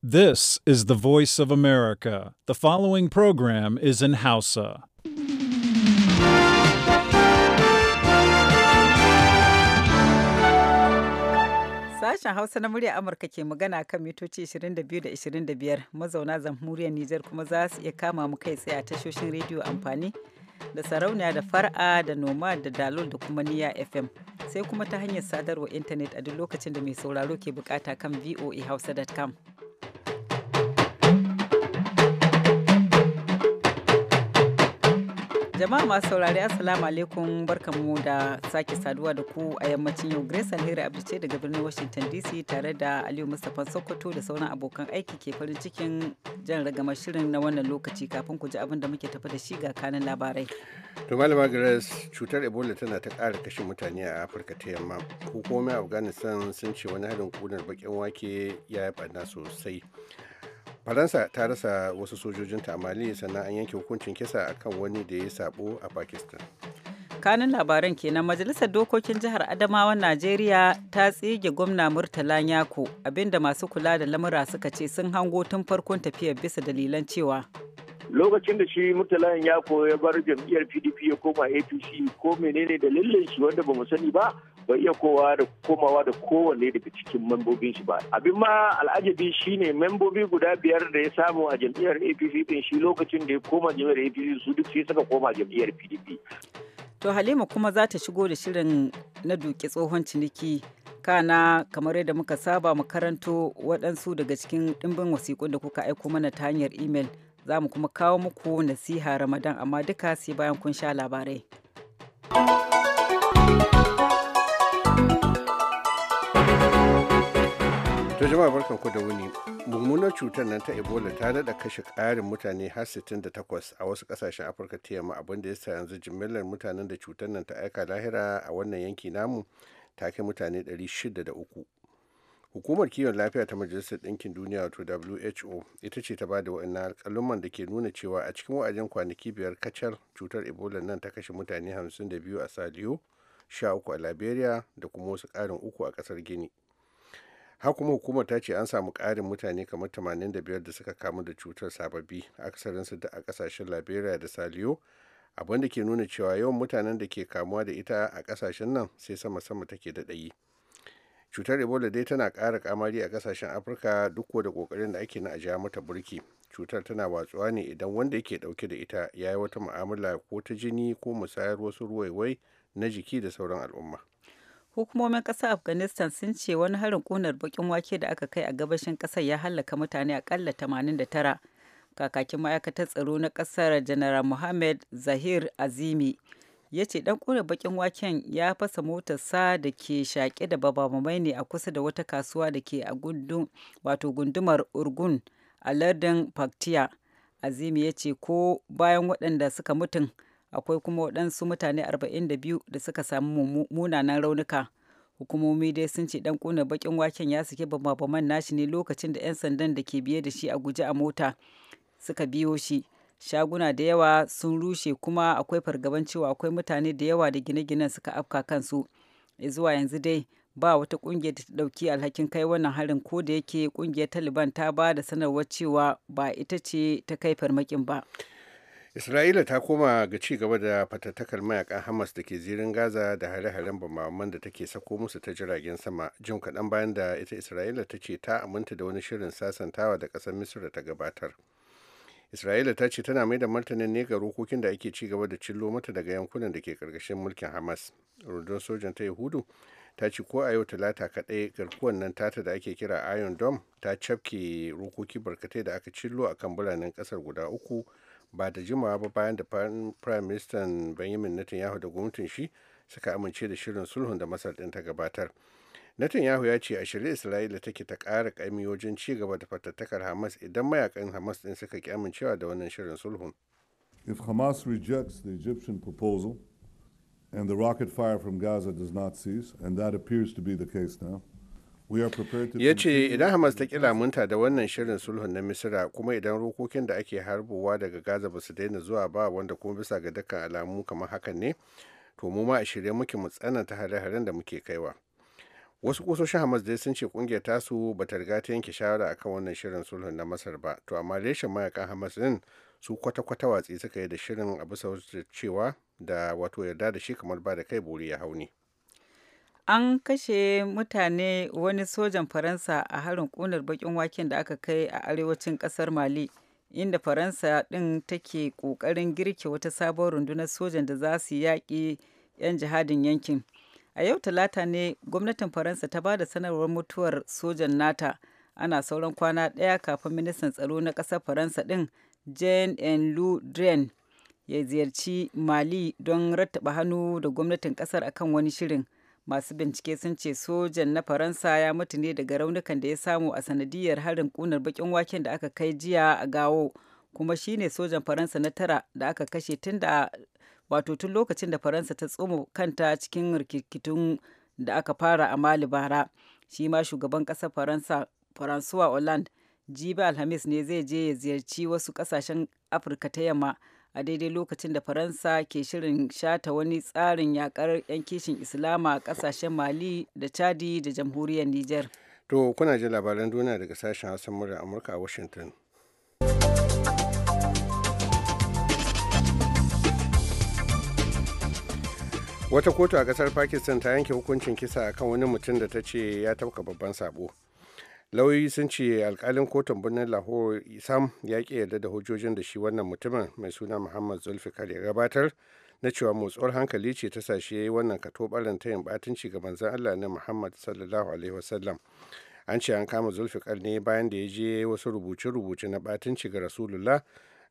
This is the voice of America. The following program is in Hausa. Sashen Hausa na murya Amurka ke magana kan mitoci 22 da 25 mazauna zamhuriyar Nijar kuma za su iya kama mu kai tsaye a tashoshin rediyo amfani da sarauniya da far'a da noma da dalol da kuma niya FM sai kuma ta hanyar sadarwa intanet a duk lokacin da mai sauraro ke bukata kan voahausa.com. Jama'a masu saurari Assalamu alaikum barkamu da sake saduwa da ku a yammacin yau Grace Alheri Abdu ce daga birnin Washington DC tare da Aliyu Mustapha Sokoto da sauran abokan aiki ke farin cikin jan ragama shirin na wannan lokaci kafin ku ji abin da muke tafi da shi ga kanin labarai. To Malama Grace cutar Ebola tana ta kara kashe mutane a Afirka ta yamma. Hukumomin Afghanistan sun ce wani harin kunar bakin wake ya yi sosai. faransa ta rasa wasu sojojinta a mali sannan an yanke hukuncin kisa akan wani da ya sabo a pakistan kanun labaran kenan majalisar dokokin jihar adamawa najeriya ta tsige gwamna murtala yako abinda masu kula da lamura suka ce sun hango tun farkon tafiyar bisa dalilan cewa lokacin da shi murtala yako ya bar jam'iyyar pdp ya koma apc ko menene dalilin shi wanda ba mu sani ba bai iya kowa da komawa da kowanne daga cikin membobin shi ba abin ma al'ajabi shine membobi guda biyar da ya samu a jam'iyyar apc din shi lokacin da ya koma jam'iyyar apc su duk sai suka koma jam'iyyar pdp to halima kuma za ta shigo da shirin na duki tsohon ciniki kana kamar yadda muka saba mu karanto waɗansu daga cikin ɗimbin wasiƙun da kuka aiko mana ta hanyar imel za mu kuma kawo muku nasiha ramadan amma duka sai bayan kun sha labarai To jama'a barkanku da wuni. Mummunar cutar nan ta Ebola ta daɗa kashe ƙarin mutane har 68 a wasu ƙasashen Afirka ta yamma abinda ya sa yanzu jimillar mutanen da cutar nan ta aika lahira a wannan yanki namu ta kai mutane 603. Hukumar kiwon lafiya ta Majalisar Ɗinkin Duniya wato WHO ita ce ta ba da wa'annan alƙaluman da ke nuna cewa a cikin wa'ajen kwanaki biyar kacal cutar Ebola nan ta kashe mutane 52 a Saliyo, 13 a Liberia da kuma wasu ƙarin uku a ƙasar gini. har kuma hukumar ta ce an samu ƙarin mutane kamar 85 da suka kamu da cutar sababbi aksarinsu da a kasashen liberia da saliyo abin da ke nuna cewa yawan mutanen da ke kamuwa da ita a ƙasashen nan sai sama-sama take da ɗayi cutar ebola dai tana kara kamari a kasashen afirka duk da kokarin da ake na a mata burki cutar tana watsuwa ne idan wanda yake ɗauke da ita ya yi wata mu'amala ko ta jini ko musayar wasu ruwaiwai na jiki da sauran al'umma hukumomin ƙasar afghanistan sun ce wani harin kunar bakin wake da aka kai a gabashin ƙasar ya hallaka mutane akalla 89 kakakin ma'aikatar tsaro na ƙasar general mohammed zahir azimi ya ce ɗan ƙunar bakin waken ya fasa motarsa da ke shaƙe da baba ne a kusa da wata kasuwa da ke a wato gundumar urgun a lardin paktiya azimi ya ce ko bayan waɗanda suka mutum akwai kuma waɗansu mutane 42 da suka samu munanan raunuka hukumomi dai sun ce ɗan kuna bakin waken ya saki bama-baman nashi ne lokacin da 'yan sandan da ke biye da shi a guje a mota suka biyo shi shaguna da yawa sun rushe kuma akwai fargaban cewa akwai mutane da yawa da gine-ginen suka afka kansu zuwa yanzu dai ba wata ƙungiyar da ta dauki alhakin kai wannan harin ko da yake kungiyar taliban ta ba da sanarwar cewa ba ita ce ta kai farmakin ba isra'ila ta koma ga ci gaba da fatattakar mayakan hamas da ke zirin gaza da hare-haren bamaman da take sako musu ta jiragen sama jim kaɗan bayan da ita isra'ila ta ce ta aminta da wani shirin sasantawa da ƙasar misir ta gabatar isra'ila ta ce tana mai da martanin ne ga rokokin da ake ci gaba da cillo mata daga yankunan da ke karkashin mulkin hamas rundun sojan ta yahudu ta ce ko a yau talata kaɗai garkuwan nan tata da ake kira iron dome ta cafke rokoki barkatai da aka cillo a kan biranen ƙasar guda uku ba da jimawa ba bayan da prime minister benjamin netanyahu da gwamnatin shi suka amince da shirin sulhun da masar din ta gabatar netanyahu ya ce a shirin isra'ila take ta ƙara ƙaimi wajen ci gaba da fatattakar hamas idan mayakan hamas din suka ki amincewa da wannan shirin sulhun if hamas rejects the egyptian proposal and the rocket fire from gaza does not cease and that appears to be the case now ya ce idan hamas ta kila munta da wannan shirin sulhun na misira kuma idan rokokin da ake harbowa daga gaza ba su daina zuwa ba wanda kuma bisa ga dukkan alamu kamar hakan ne to mu ma a shirye muke mu tsananta hare-haren da muke kaiwa wasu kusoshin hamas dai sun ce kungiyar tasu ba ta riga ta yanke shawara akan wannan shirin sulhun na masar ba to amma reshen mayakan hamas din su kwata-kwata watsi suka yi da shirin a bisa cewa da wato yarda da shi kamar ba da kai bori ya hau hauni An kashe mutane wani sojan Faransa a harin ƙunar baƙin waken da aka kai a arewacin ƙasar Mali, inda Faransa ɗin take ƙoƙarin girke wata sabuwar rundunar sojan da za su yaƙi 'yan jihadin yankin. A yau Talata ne gwamnatin Faransa ta ba da sanarwar mutuwar sojan nata. Ana sauran kwana ɗaya kafin ministan tsaro na ƙasar Faransa ɗin Jean-Luc ya ziyarci Mali don rattaba hannu da gwamnatin ƙasar akan wani shirin. masu bincike sun ce sojan na faransa ya mutu ne daga raunukan da ya samu a sanadiyar harin kunar bakin waken da aka kai jiya a gawo kuma shine sojan faransa na tara da aka kashe tun da wato tun lokacin da faransa ta tsoma kanta cikin rikikitun da aka fara a mali bara shi ma shugaban ƙasar faransa faransuwa hollande jibi alhamis ne zai je ya ziyarci wasu ƙasashen afirka ta yamma a daidai lokacin da faransa ke shirin shata wani tsarin yakar 'yan kishin islama a kasashen mali da chadi da jamhuriyar niger to kuna ji labaran duniya daga sashen hausa murya amurka a washington wata kotu a kasar pakistan ta yanke hukuncin kisa akan wani mutum da ta ce ya tauka babban sabo lauyoyi sun ce alkalin kotun birnin lahore sam ya ki yarda da hujjojin da shi wannan mutumin mai suna muhammad zulfikar ya gabatar na cewa motsuwar hankali ce ta sashe ya yi wannan katobarin ta yin batunci ga manzan allah na muhammad sallallahu alaihi wasallam an ce an kama zulfikar ne bayan da ya je wasu rubuce-rubuce na batunci ga rasulullah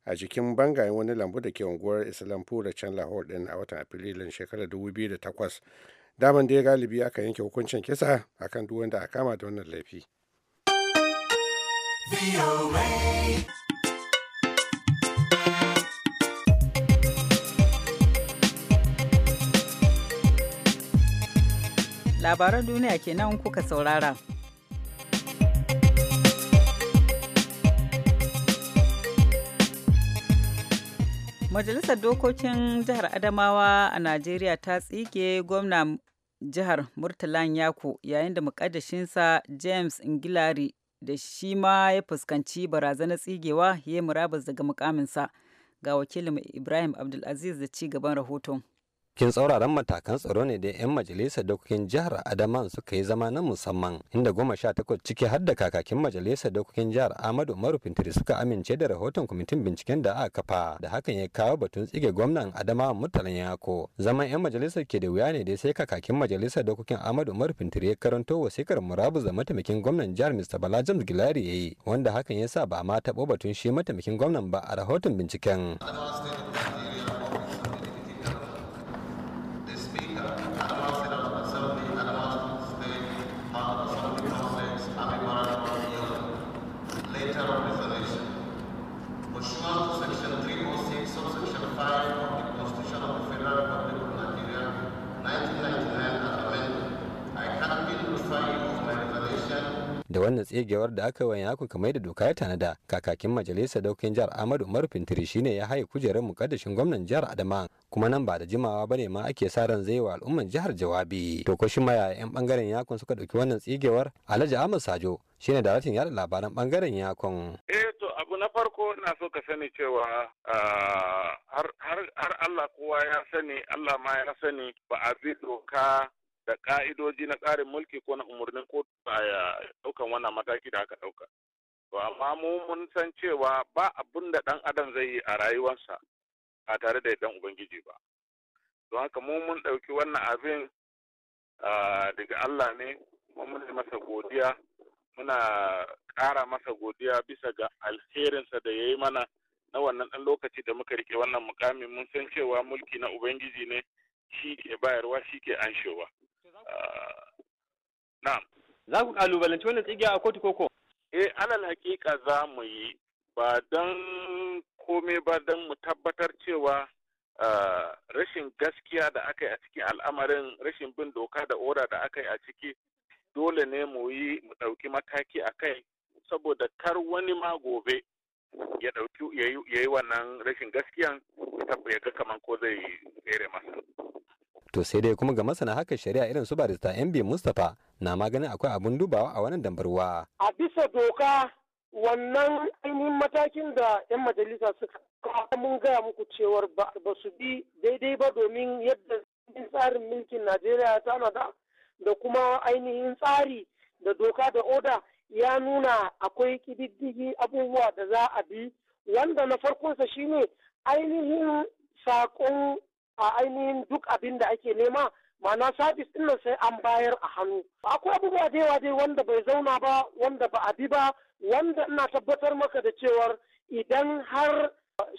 a jikin bangayen wani lambu da ke unguwar islampura can lahore din a watan afrilun shekarar 2008 daman da ya galibi aka yanke hukuncin kisa akan duk wanda a kama da wannan laifi Labaran duniya kenan kuka saurara. Majalisar Dokokin Jihar Adamawa a Najeriya ta tsige gwamna jihar Murtalan yaku yayin da mukaddashinsa James Ngilari da shi ma ya fuskanci barazanar tsigewa ya yi murabus daga mukaminsa ga wakilin ibrahim abdulaziz da ci gaban rahoton cikin tsauraran matakan tsaro ne da 'yan majalisar dokokin jihar adama suka yi zama na musamman inda goma sha takwas ciki har da kakakin majalisar dokokin jihar Ahmadu umaru fintiri suka amince da rahoton kwamitin binciken da aka kafa da hakan ya kawo batun tsige gwamnan adama murtalan yako zaman 'yan majalisar ke da wuya ne dai sai kakakin majalisar dokokin Ahmadu umaru fintiri ya karanto wasikar murabus da mataimakin gwamnan jihar mr bala james gilari ya yi wanda hakan ya sa ba ma taɓo batun shi mataimakin gwamnan ba a rahoton binciken. da wannan tsegewar da aka wani yakun kamar da doka ya tanada kakakin majalisar daukin jihar Ahmadu Umar Fintiri shine ya haye kujerar mukaddashin gwamnan jihar Adama kuma nan ba da jimawa bane ma ake sa ran zai wa al'umman jihar jawabi to ko shi maya yan bangaren yakun suka dauki wannan tsegewar Alhaji Ahmad Sajo shine daraktan yada labaran bangaren yakun eh to abu na farko na so ka sani cewa ah, har Allah kowa ya sani Allah ma ya sani ba a bi doka da ka'idoji na tsarin mulki ko na umarnin kotu a daukan wannan mataki da aka dauka. To amma mu mun san cewa ba abin da ɗan adam zai yi a rayuwarsa a tare da dan Ubangiji ba. to haka mu mun ɗauki wannan abin daga Allah ne, mun masa godiya, muna ƙara masa godiya bisa ga alherinsa da ya yi mana na wannan ɗan lokaci da muka rike wannan mukamin mun san cewa mulki na Ubangiji ne shi ke bayarwa shi ke anshewa. na'am za ku kalubalanci wannan tsigiya a kotu koko eh alal hakika za mu yi ba don komai ba don mu tabbatar cewa rashin gaskiya da aka yi a cikin al'amarin rashin bin doka da ora da aka yi a ciki dole ne mu yi mu ɗauki mataki a kai saboda kar wani ma gobe ya ɗauki ya yi wannan rashin gaskiyan ya ga kamar ko zai tsere masa. to sai dai kuma ga masana haka shari'a irin su barista mb mustapha na maganin akwai abun dubawa a wannan dambarwa a bisa doka wannan ainihin matakin da 'yan majalisa suka mun gaya muku cewar ba su bi daidai ba domin yadda tsarin mulkin najeriya ta nada da kuma ainihin tsari da doka da oda ya nuna akwai kididdigi abubuwa da za a bi wanda na farkonsa shine ainihin saƙon. a ainihin duk abin da ake nema ma'ana sabis ɗin sai an bayar a hannu akwai abubuwa da yawa dai wanda bai zauna ba wanda ba a bi ba wanda ina tabbatar maka da cewar idan har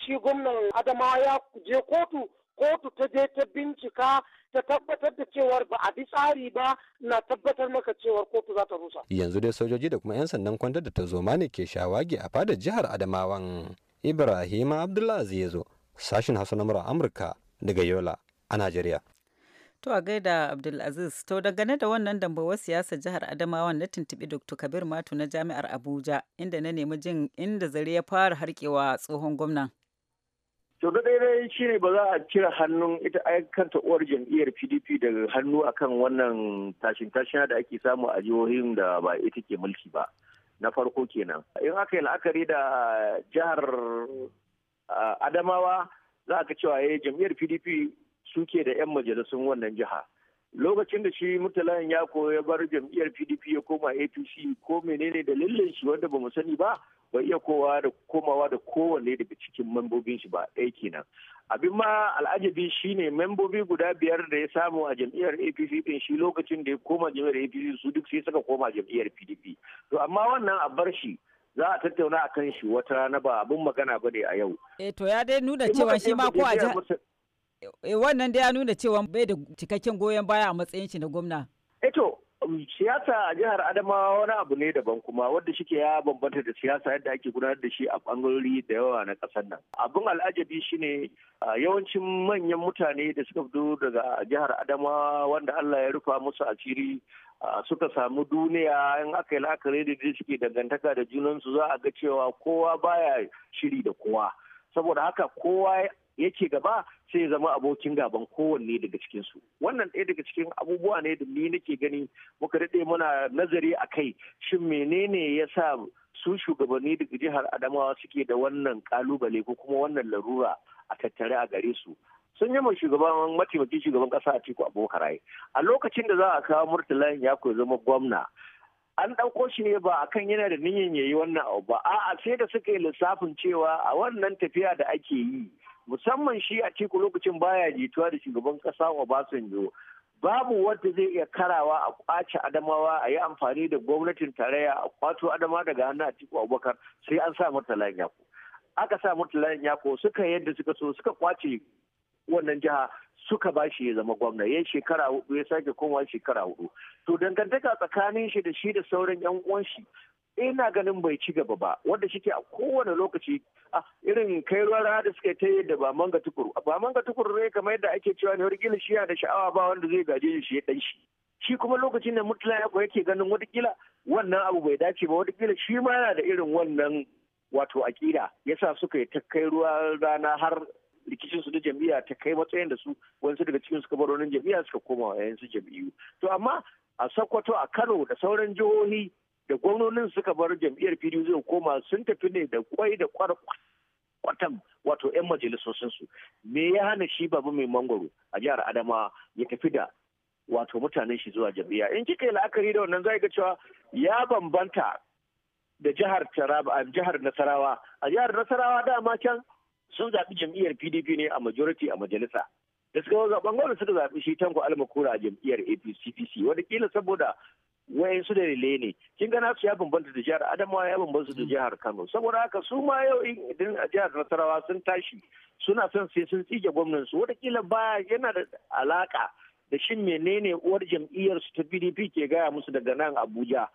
shi gwamnan Adama ya je kotu kotu ta je ta bincika ta tabbatar da cewar ba a bi tsari ba na tabbatar maka cewar kotu za ta rusa. Yanzu dai sojoji da kuma 'yan sandan kwantar da ta ne ke shawagi a fadar jihar Adamawan. Ibrahim Abdullahi zo sashin Hausa na Amurka daga Yola a Najeriya. To a gaida Abdulaziz, to dangane da wannan dambawar siyasa jihar Adamawa na tuntuɓi Dr. Kabir Matu na Jami'ar Abuja inda na nemi jin inda zare ya fara harkewa tsohon gwamnan. To da daidai shi ne ba za a cire hannun ita kanta uwar jam'iyyar PDP daga hannu akan wannan tashin tashin da ake samu a jihohin da ba ita ke mulki ba. Na farko kenan. In aka yi la'akari da jihar ah, Adamawa za ka cewa eh jam'iyyar pdp suke da 'yan majalisun wannan jiha lokacin da shi murtalayan ya ya bar jam'iyyar pdp ya koma apc ko menene dalilin shi wanda ba mu sani ba bai iya kowa da komawa da kowanne daga cikin membobin shi ba ɗaya kenan abin ma al'ajabi shine membobi guda biyar da ya samu a jam'iyyar apc ɗin shi lokacin da ya koma jam'iyyar apc su duk sai suka koma jam'iyyar pdp to amma wannan a bar shi za a tattauna akan shi wata rana ba abin magana ba ne a yau. E to ya dai nuna cewa shi ma ko a eh, wannan da ya nuna cewa bai da cikakken goyon baya a matsayin shi na gwamna. Eh to Um, siyasa a jihar adamawa wani abu ne daban kuma wadda shike ya bambanta da siyasa yadda ake gudanar da shi a bangarori da yawa na kasar nan abin al'ajabi shine yawancin manyan mutane da suka fito daga jihar adamawa wanda allah ya rufa musu asiri suka samu duniya in aka yi la'akari da suke dangantaka da junansu za a ga cewa kowa baya shiri da kowa saboda haka kowa yake gaba sai ya zama abokin gaban kowanne daga cikinsu wannan ɗaya daga cikin abubuwa ne da ni nake gani muka daɗe muna nazari a kai shin menene ya sa su shugabanni daga jihar adamawa suke da wannan kalubale ko kuma wannan larura a tattare a gare su sun yi shugaban mataimakin shugaban ƙasa a tiku abokan a lokacin da za a kawo murtala ya koyi zama gwamna an ɗauko shi ne ba kan yana da niyyar yayi wannan abu ba a'a sai da suka yi lissafin cewa a wannan tafiya da ake yi musamman shi a ciku lokacin baya jituwa da shugaban kasa Obasanjo babu wanda zai iya karawa a kwace adamawa a yi amfani da gwamnatin tarayya a kwato adama daga hannun a tiku abubakar sai an sa mata layin yako aka sa mata layin yako suka yadda suka so suka kwace wannan jiha suka ba shi ya zama gwamna ya shekara hudu ya sake komawa shekara hudu to dangantaka tsakanin shi da shi da sauran yan uwanshi. ina ganin bai ci gaba ba wanda shike a kowane lokaci a ah, irin kai ruwa da suka ta yadda ba manga tukuru ba manga tukuru ne kamar yadda ake cewa ne wani shi da sha'awa ba wanda zai gaje shi ya dan shi shi kuma lokacin da mutula ya yake ganin watakila wannan abu bai dace ba watakila shi ma yana da irin wannan wato akida yasa suka yi ta kai ruwa rana har rikicin su da jami'a ta kai matsayin da su wani daga cikin suka baro nan jami'a suka koma yayin su jam'iyyu to amma a Sokoto a Kano da sauran jihohi da gwamnonin suka bar jam'iyyar pdp zai koma sun tafi ne da kwai da kwatam wato 'yan su me ya hana shi babu mai mangoro a jihar adama ya tafi da wato mutanen shi zuwa jam'iyya in kika yi la'akari da wannan zai ga cewa ya bambanta da jihar taraba a jihar nasarawa a jihar nasarawa dama can sun zabi jam'iyyar pdp ne a majority a majalisa da suka zaɓen gwamnati suka zaɓi shi tanko almakura a jam'iyyar apc wadakila saboda wayan su da dalilai ne kin ga nasu ya bambanta da jihar adamawa ya bambanta da mm. jihar kano saboda haka su ma yau idan a jihar nasarawa sun tashi suna son sai sun tsige gwamnan su watakila baya yana da alaƙa da shin menene uwar jam'iyyar su ta pdp ke gaya musu daga nan abuja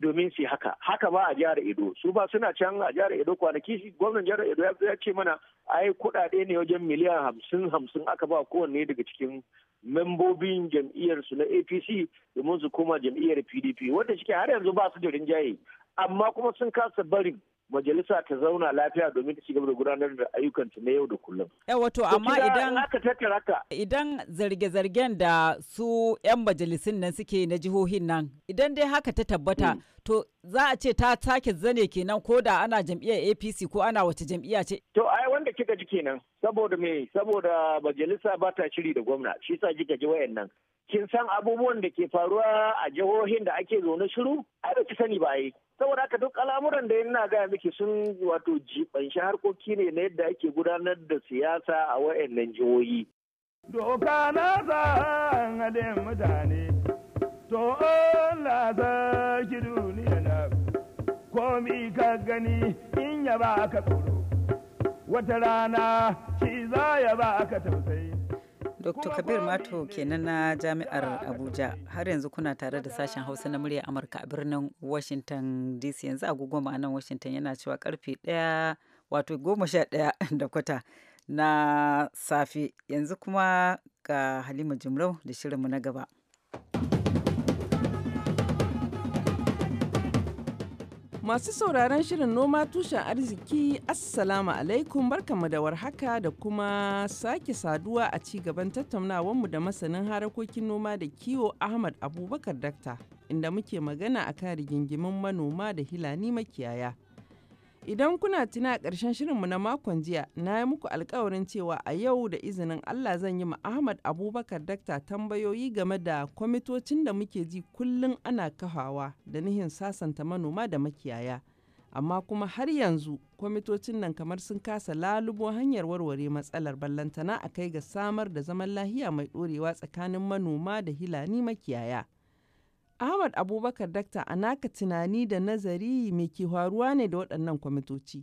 domin su haka haka ba a jihar edo su ba suna can a jihar edo kwanaki gwamnan jihar edo ya ce mana ai kuɗaɗe ne wajen miliyan hamsin hamsin aka ba kowanne daga cikin membobin jam'iyyar su na apc domin su koma jam'iyyar pdp wanda shi har yanzu ba su da rinjaye amma kuma sun kasa barin majalisa ta zauna lafiya domin ta ci gaba da gudanar da ayyukanta na yau da kullum. Eh, wato amma idan idan zarge-zargen da su 'yan majalisun nan suke na jihohin nan idan dai haka ta tabbata hmm. to za a ce ta take zane kenan ko da ana jam'iyyar apc ko ana wace jam'iyya ce. to a wanda kika ji kenan saboda me saboda majalisa ba ta shiri da gwamna shi sa kika ji wayannan kin san abubuwan da ke faruwa a jihohin da ake zaune shiru ai ba ki sani ba ai saboda haka duk al'amuran da ina ga miki sun wato jibanshi harkoki ne na yadda ake gudanar da siyasa a wayannan jihohi doka na sa mutane to Allah za ki duniya komi ka gani in ya ka tsoro wata rana shi za ya ba aka tausayi. Dr. Kabir Mato kenan na Jami'ar Abuja har yanzu kuna tare da sashen Hausa na murya Amurka a birnin Washington DC yanzu agogo ma'anan Washington yana cewa karfe ɗaya wato goma sha ɗaya da kwata na safe yanzu kuma ga Halima Jumrau da shirinmu na gaba. Masu sauraron shirin noma tushen arziki Assalamu alaikum barkanmu da warhaka da kuma sake saduwa a ci gaban tattaunawarmu da masanin harakokin noma da kiwo Ahmad Abubakar Dakta inda muke magana a akan rigingimin manoma da hilani makiyaya. Idan kuna tuna a ƙarshen shirinmu na makon jiya, na yi muku alkawarin cewa a yau da izinin Allah zan yi ma Ahmad Abubakar Dakta tambayoyi game da kwamitocin da muke ji kullum ana kafawa da nihin sasanta manoma da makiyaya. Amma kuma har yanzu kwamitocin nan kamar sun kasa lalubo hanyar warware matsalar ballantana a kai ga samar da zaman lahiya mai ɗorewa tsakanin manoma da hilani makiyaya. Ahmad Abubakar dakta a naka tunani da nazari mai ke faruwa ne da waɗannan kwamitoci?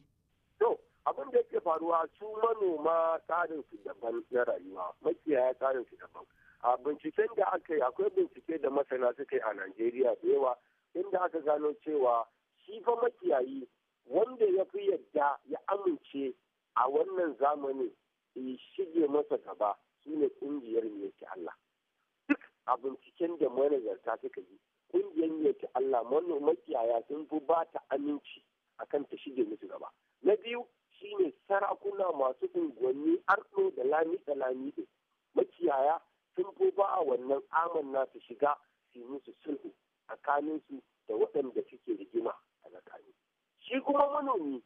To, abin da yake faruwa su manoma tsarin su daban na rayuwa, makiyaya tsarin su daban. A binciken da aka yi akwai bincike da masana suka yi a Najeriya da yawa inda aka gano cewa shi fa makiyayi wanda ya fi yadda ya amince a wannan zamani shige masa gaba shine kungiyar ne yake Allah. a binciken da manazarta suka yi ƙungiyar yake Allah makiyaya sun fi ba ta aminci akan ta shige musu gaba na biyu shine sarakuna masu unguwanni arɗo da lami da lami makiyaya sun fi ba a wannan amanna su shiga su yi musu sulhu tsakanin su da waɗanda suke rigima a tsakani shi kuma manomi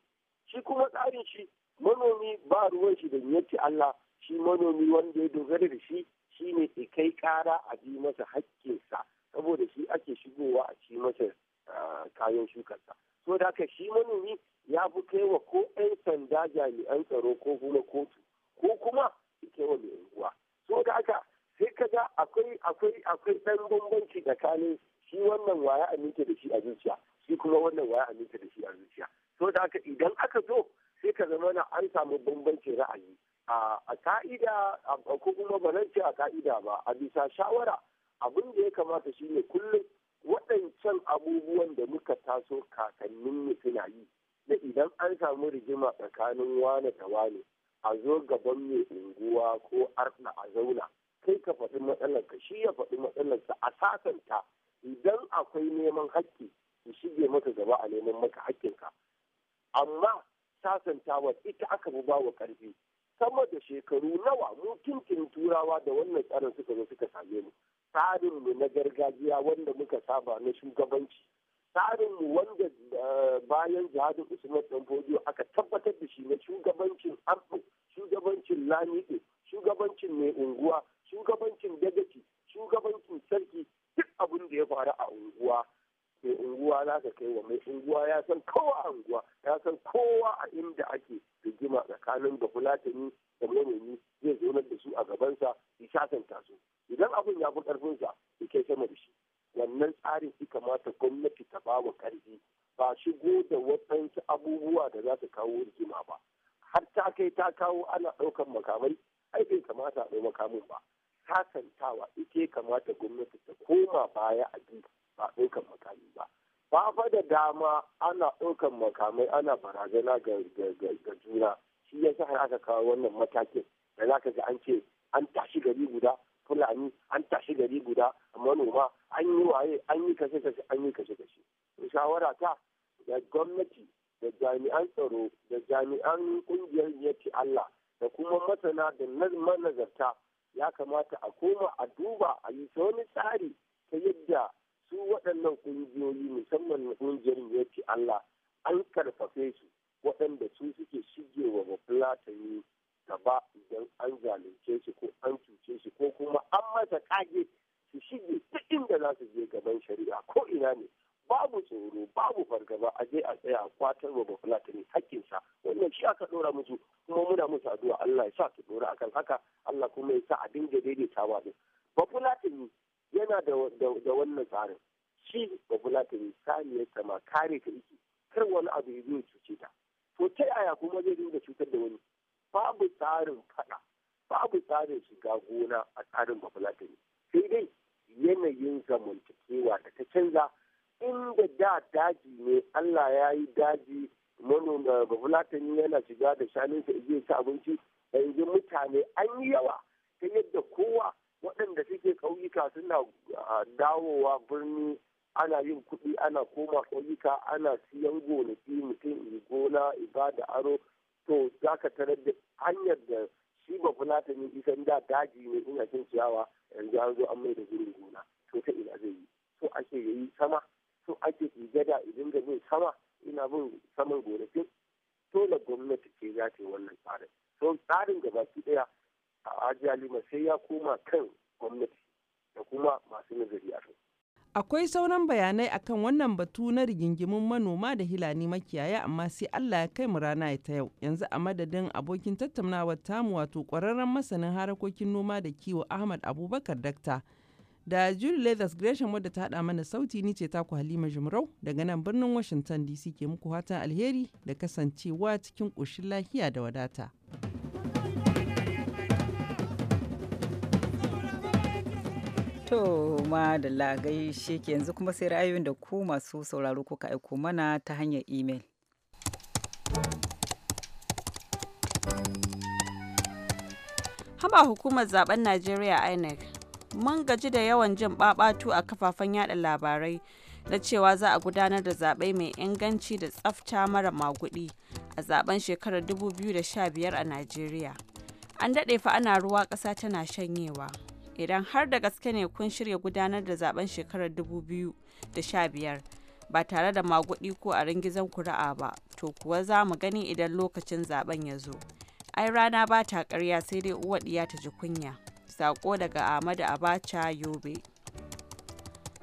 shi kuma tsarin shi manomi ba ruwan shi da yake Allah shi manomi wanda ya dogara da shi shi ne kai kara a bi masa haƙƙinsa saboda shi ake shigowa a ci masa ah, kayan shukarsa so da haka shi manomi ya fi kaiwa ko 'yan sanda jami'an tsaro ko kuma kotu ko kuma kaiwa mai unguwa so da haka sai ka ga akwai akwai akwai ɗan bambanci tsakanin shi wannan waya aminta da shi a zuciya shi kuma wannan waya aminta da shi a zuciya so da haka idan aka zo sai ka zama na an samu bambancin ra'ayi ka'ida ko kuma ba nan ce a ka'ida ba a bisa shawara abin da ya kamata shine kullum waɗancan abubuwan da muka taso kakannin mu suna yi da idan an samu rigima tsakanin wane da wane a zo gaban mai unguwa ko arna a zauna kai ka faɗi matsalarka shi ya faɗi matsalarsa a sasanta idan akwai neman hakki ki shige maka gaba a neman maka hakkinka amma sasantawa ita aka fi bawa ƙarfi sama da shekaru nawa mu kinkin turawa da wannan tsarin suka zo suka same mu tsarin mu na gargajiya wanda muka saba na shugabanci tsarin mu wanda eh, bayan jihadi usman dan aka tabbatar da shi na shugabancin arko shugabancin lamide shugabancin mai unguwa shugabancin dagaci shugabancin sarki duk abin da ya faru a unguwa i unguwa za ka kai wa mai unguwa ya san kowa a unguwa ya san kowa a inda ake rigima tsakanin da fulatani da manomi zai zaunar da su a gabansa ya shasanta su idan abin ya fi karfinsa ya kai sama da shi wannan tsarin shi kamata gwamnati ta ba wa karfi ba shigo da waɗansu abubuwa da za su kawo rigima ba har ta kai ta kawo ana ɗaukan makamai ai bai kamata a ɗau makamin ba sasantawa ike kamata gwamnati ta koma baya a gida. ba ɗaukan makami ba ba fa da dama ana ɗaukan makamai ana barazana ga juna shi ya sa aka kawo wannan matakin da za ka ga an ce an tashi gari guda fulani an tashi gari guda manoma an yi waye an yi kashe kashe an yi kashe kashe shawara ta da gwamnati da jami'an tsaro da jami'an kungiyar yati Allah da kuma masana da manazarta ya kamata a koma a duba a yi wani tsari ta yadda su waɗannan ƙungiyoyi musamman na ƙungiyar yake Allah an karfafe su waɗanda su suke shigewa wa fulatani gaba idan an zalunce su, ko an cuce su, ko kuma an masa kage su shige duk inda za su je gaban shari'a ko ina ne babu tsoro babu fargaba a je a tsaya a kwatar wa bafulatani hakkinsa wannan shi aka dora musu kuma muna musu addu'a Allah ya sa su dora akan haka Allah kuma ya sa a dinga daidaitawa din bafulatani yana da wannan tsarin shi ba fulatani saniyar sama kare ta iki kar wani abu ya zo cuce ta to ta yaya kuma zai dinga cutar da wani babu tsarin fada babu tsarin shiga gona a tsarin ba fulatani sai dai yanayin zamantakewa da ta canza inda da daji ne Allah ya yi daji manoma ba fulatani yana shiga da shanunsa ya ci abinci yanzu mutane an yi yawa ta yadda kowa waɗanda suke ƙauyuka suna ah, dawowa birni ana yin kuɗi ana koma kauyuka ana siyan gonaki mutum yi gona ibada aro to za ka tarar da hanyar da shi ba ta ne isan da daji ne ina cin ciyawa yanzu an zo an mai da gurin gona to ta ina zai yi so ake yayi sama so ake gada idan ga bin sama ina bin saman gonakin dole gwamnati ke za wannan tsarin so tsarin gabaki ɗaya a ajiya sai ya koma kan gwamnati da kuma masu nazari a Akwai sauran bayanai akan wannan batu na rigingimin manoma da hilani makiyaya amma sai Allah ya kai mu rana ta yau. Yanzu a madadin abokin tattaunawar tamu wato kwararren masanin harakokin noma da kiwo Ahmad Abubakar Dakta. Da Julie Leathers Gresham wadda ta haɗa mana sauti ni ce taku Halima Jumrau daga nan birnin Washington DC ke muku fatan alheri da kasancewa cikin ƙoshin lafiya da wadata. To ma da lagai shi ke yanzu kuma sai ra'ayoyin da ku masu sauraro kuka aiko mana ta hanyar imel. Haba hukumar zaben Najeriya INEC mun gaji da yawan jin babatu a kafafen yada labarai na cewa za a gudanar da zaɓe mai inganci da tsafta mara maguɗi a zaben shekarar 2015 a Najeriya. An daɗe fa ana ruwa ƙasa tana shanyewa. idan har da gaske ne kun shirya gudanar da zaben shekarar 2015 ba tare da magudi ko a ringizan kuri'a ba to kuwa za mu gani idan lokacin zaben ya zo ai rana ba ta karya sai dai uwa ɗiya ta ji kunya sako daga ahmadu abacha yobe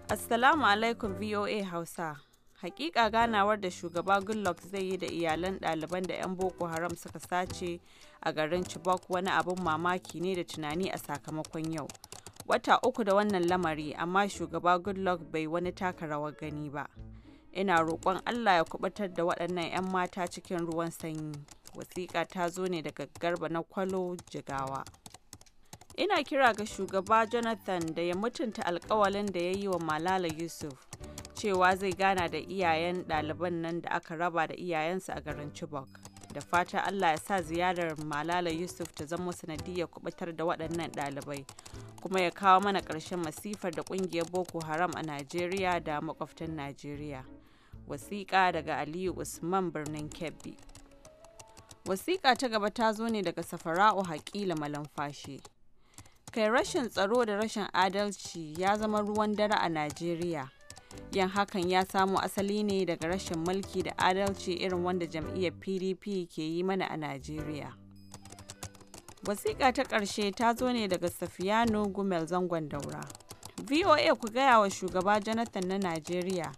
assalamu alaikum voa hausa hakika ganawar da shugaba goodluck zai yi da iyalan ɗaliban da 'yan boko haram suka sace a garin Chibok wani abin mamaki ne da tunani a sakamakon yau. Wata uku da wannan lamari amma shugaba Goodluck bai wani taka rawar gani ba. Ina roƙon Allah ya kubutar da waɗannan 'yan mata cikin ruwan sanyi. Wasiƙa ta zo ne daga garba na kwalo jigawa. Ina kira ga shugaba Jonathan da ya mutunta alkawalin da ya yi wa Malala Yusuf cewa zai gana da iyayen ɗaliban nan da aka raba da iyayensu a garin Chibok. da fata allah ya sa ziyarar malala yusuf ta zama sanadiyar kubutar da waɗannan ɗalibai kuma ya kawo mana ƙarshen masifar da ƙungiyar boko haram a najeriya da makwabtan najeriya wasiƙa daga aliyu usman birnin kebbi wasiƙa ta gaba ta zo ne daga safara'u haƙila malamfashi kai rashin tsaro da rashin adalci ya zama ruwan dare a najeriya Yan hakan ya samo asali ne daga rashin mulki da adalci irin wanda jam'iyyar PDP ke yi mana a Najeriya. Wasiƙa ta ƙarshe ta zo ne daga Safiyano Gumel Zangon Daura. VOA ku gaya wa shugaba Jonathan na Najeriya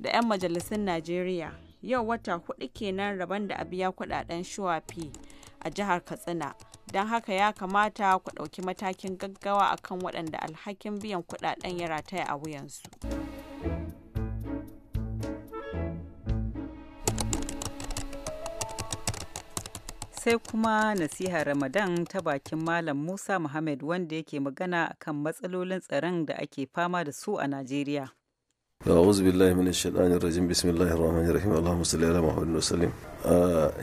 da 'yan majalisun Najeriya yau wata hudu kenan rabon da a biya kudaden shuwafi a jihar Katsina. Don haka ya kamata ku ɗauki matakin gaggawa akan waɗanda alhakin biyan kudaden ya rataya a wuyansu. sai kuma nasiha ramadan ta bakin malam musa muhammad wanda yake magana akan matsalolin tsaron da ake fama da su a najeriya أعوذ بالله من الشيطان الرجيم بسم الله الرحمن الرحيم اللهم صل على محمد وسلم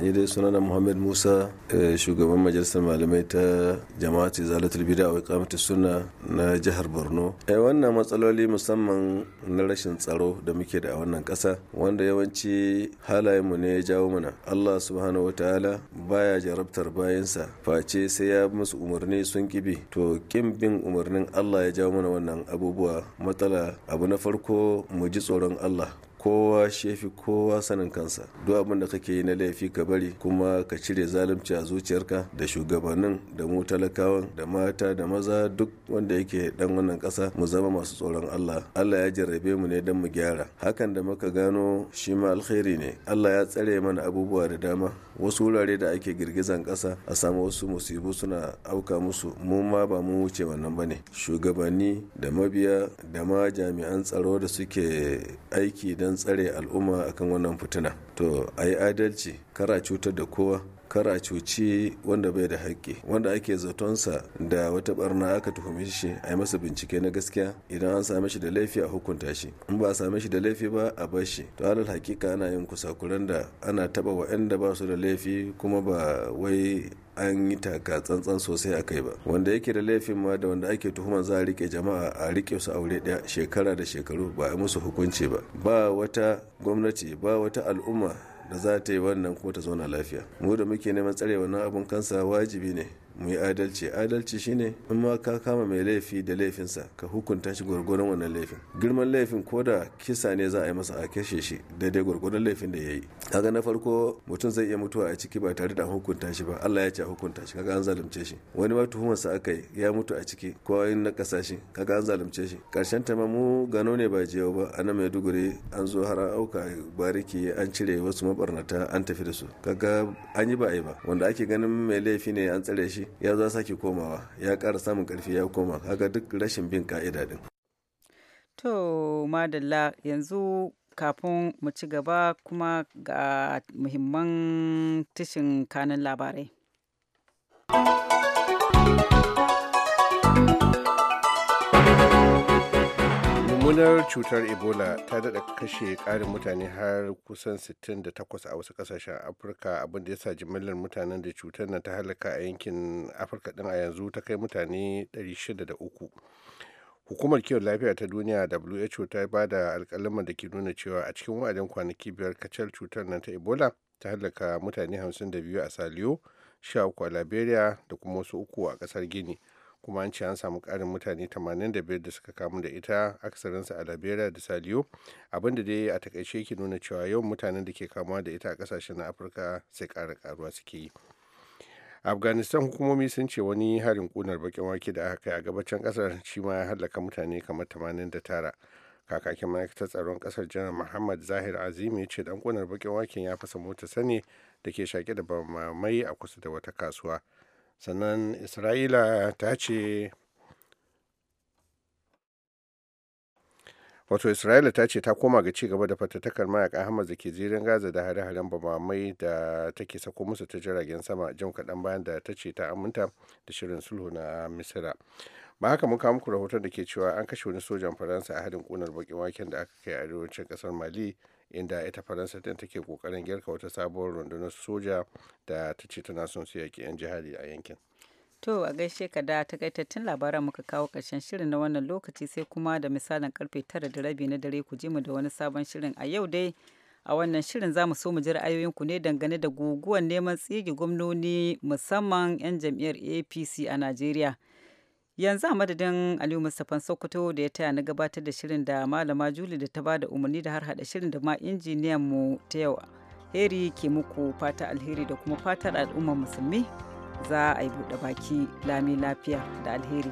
ni dai sunana muhammad musa shugaban majalisar malamai ta jama'ati zalatul bida a kamata suna na jihar borno a wannan matsaloli musamman na rashin tsaro da muke da a wannan kasa wanda yawanci halayen mu ne ya jawo mana allah subhanahu wataala baya jarabtar bayansa face sai ya musu umarni sun kibi to kin bin umarnin allah ya jawo mana wannan abubuwa matsala abu na farko mu ji tsoron Allah kowa shefi kowa sanin kansa duk abin da kake yi na laifi ka bari kuma ka cire zalunci a zuciyarka da shugabannin da mu talakawan da mata da maza duk wanda yake dan wannan kasa mu zama masu tsoron Allah Allah ya jarrabe mu ne dan mu gyara hakan da muka gano shi ma alkhairi ne Allah ya tsare mana abubuwa da dama wasu wurare da ake girgizan kasa a samu wasu musibu suna auka musu mu ma ba mu wuce wannan bane shugabanni da mabiya da ma jami'an tsaro da suke aiki dan tsare al'umma akan wannan fitina to ayi yi adalci kara cutar da kowa kar a cuci wanda bai da haƙƙi wanda ake zatonsa da wata barna aka tuhumi shi a yi masa bincike na gaskiya idan an same shi da laifi a hukunta shi in ba a same shi da laifi ba a bar shi to alal hakika ana yin kusakuran da ana taba wa'anda ba su da laifi kuma ba wai an yi taka tsantsan sosai a kai ba wanda yake da laifin ma da wanda ake tuhuma za a rike jama'a a rike su aure ɗaya shekara da shekaru ba a musu hukunci ba ba wata gwamnati ba wata al'umma da za ta yi wannan ko ta zauna lafiya mu da muke neman tsare wannan abun kansa wajibi ne mu yi adalci adalci shine in ma ka kama mai laifi da laifinsa ka hukunta shi gwargwaron wannan laifin girman laifin ko da kisa ne za a yi masa a kashe shi daidai gwargwaron laifin da ya yi kaga na farko mutum zai iya mutuwa a ciki ba tare da hukunta shi ba Allah ya ce hukunta shi kaga an zalunce shi wani ma tuhumarsa aka yi ya mutu a ciki ko in na kasa shi kaga an zalunce shi karshen ta ma mu gano ne ba jiyau ba a nan maiduguri an zo har auka bariki an cire wasu mabarnata an tafi da su kaga an yi ba a yi ba wanda ake ganin mai laifi ne an tsare shi shi ya za sake komawa ya ƙara samun ƙarfi ya koma haka duk rashin bin ka'ida din to madalla yanzu kafin mu ci gaba kuma ga muhimman tashin kanin labarai mummunar cutar ebola ta daɗa kashe ƙarin mutane har kusan 68 a wasu ƙasashen afirka abinda ya sa jimillar mutanen da cutar nan ta halaka a yankin afirka ɗin a yanzu ta kai mutane 603 hukumar kiwon lafiya ta duniya who ta ba da alƙalaman da ke nuna cewa a cikin wa'adin kwanaki biyar kacal cutar nan ta ebola ta halaka mutane 52 a saliyo 13 a liberia da kuma wasu uku a ƙasar gini. kuma an ce an samu karin mutane 85 da suka kamu da ita aksarinsa a labera da saliyo abinda dai a takaice yake nuna cewa yawan mutanen da ke kamuwa da ita a kasashen na afirka sai ƙara ƙaruwa suke yi afghanistan hukumomi sun ce wani harin kunar bakin wake da aka kai a gabacin kasar shi ma ya hallaka mutane kamar tamanin da tara kakakin ma'aikatar tsaron kasar janar muhammad zahir azimi ya ce dan kunar bakin waken ya fasa mota sani da ke shaƙe da bamamai a kusa da wata kasuwa sannan isra'ila ta ce wato isra'ila ta ce ta koma ga ci gaba da fatattakar mayaka hamas da ke zirin gaza da hare-haren bamamai da take sako musu ta jiragen sama jam kaɗan bayan da ta ce ta aminta da shirin sulhu na misira ba haka mun kawo muku rahoton da ke cewa an kashe wani sojan faransa a hadin kunar bakin waken da aka kai a arewacin kasar mali inda ita faransa din take kokarin girka wata sabuwar rundunar soja da ta ce tana son su yaƙi 'yan jihari a yankin To a gaishe ka da takaitattun labaran muka kawo ƙarshen shirin na wannan lokaci sai kuma da misalin karfe tara da rabi na dare ku je mu da wani sabon shirin a yau dai a wannan shirin za mu so mu ji ra'ayoyinku ne dangane da guguwar neman tsige gwamnoni musamman 'yan jam'iyyar APC a Najeriya. yanzu a madadin aliyu mustapha sokoto da ya taya na gabatar da shirin da malama juli da ta ba da umarni da har hada shirin da ma injiniyan mu ta yau heri ke muku fata alheri da kuma fatar al'ummar musulmi za a yi buɗe baki lami lafiya da alheri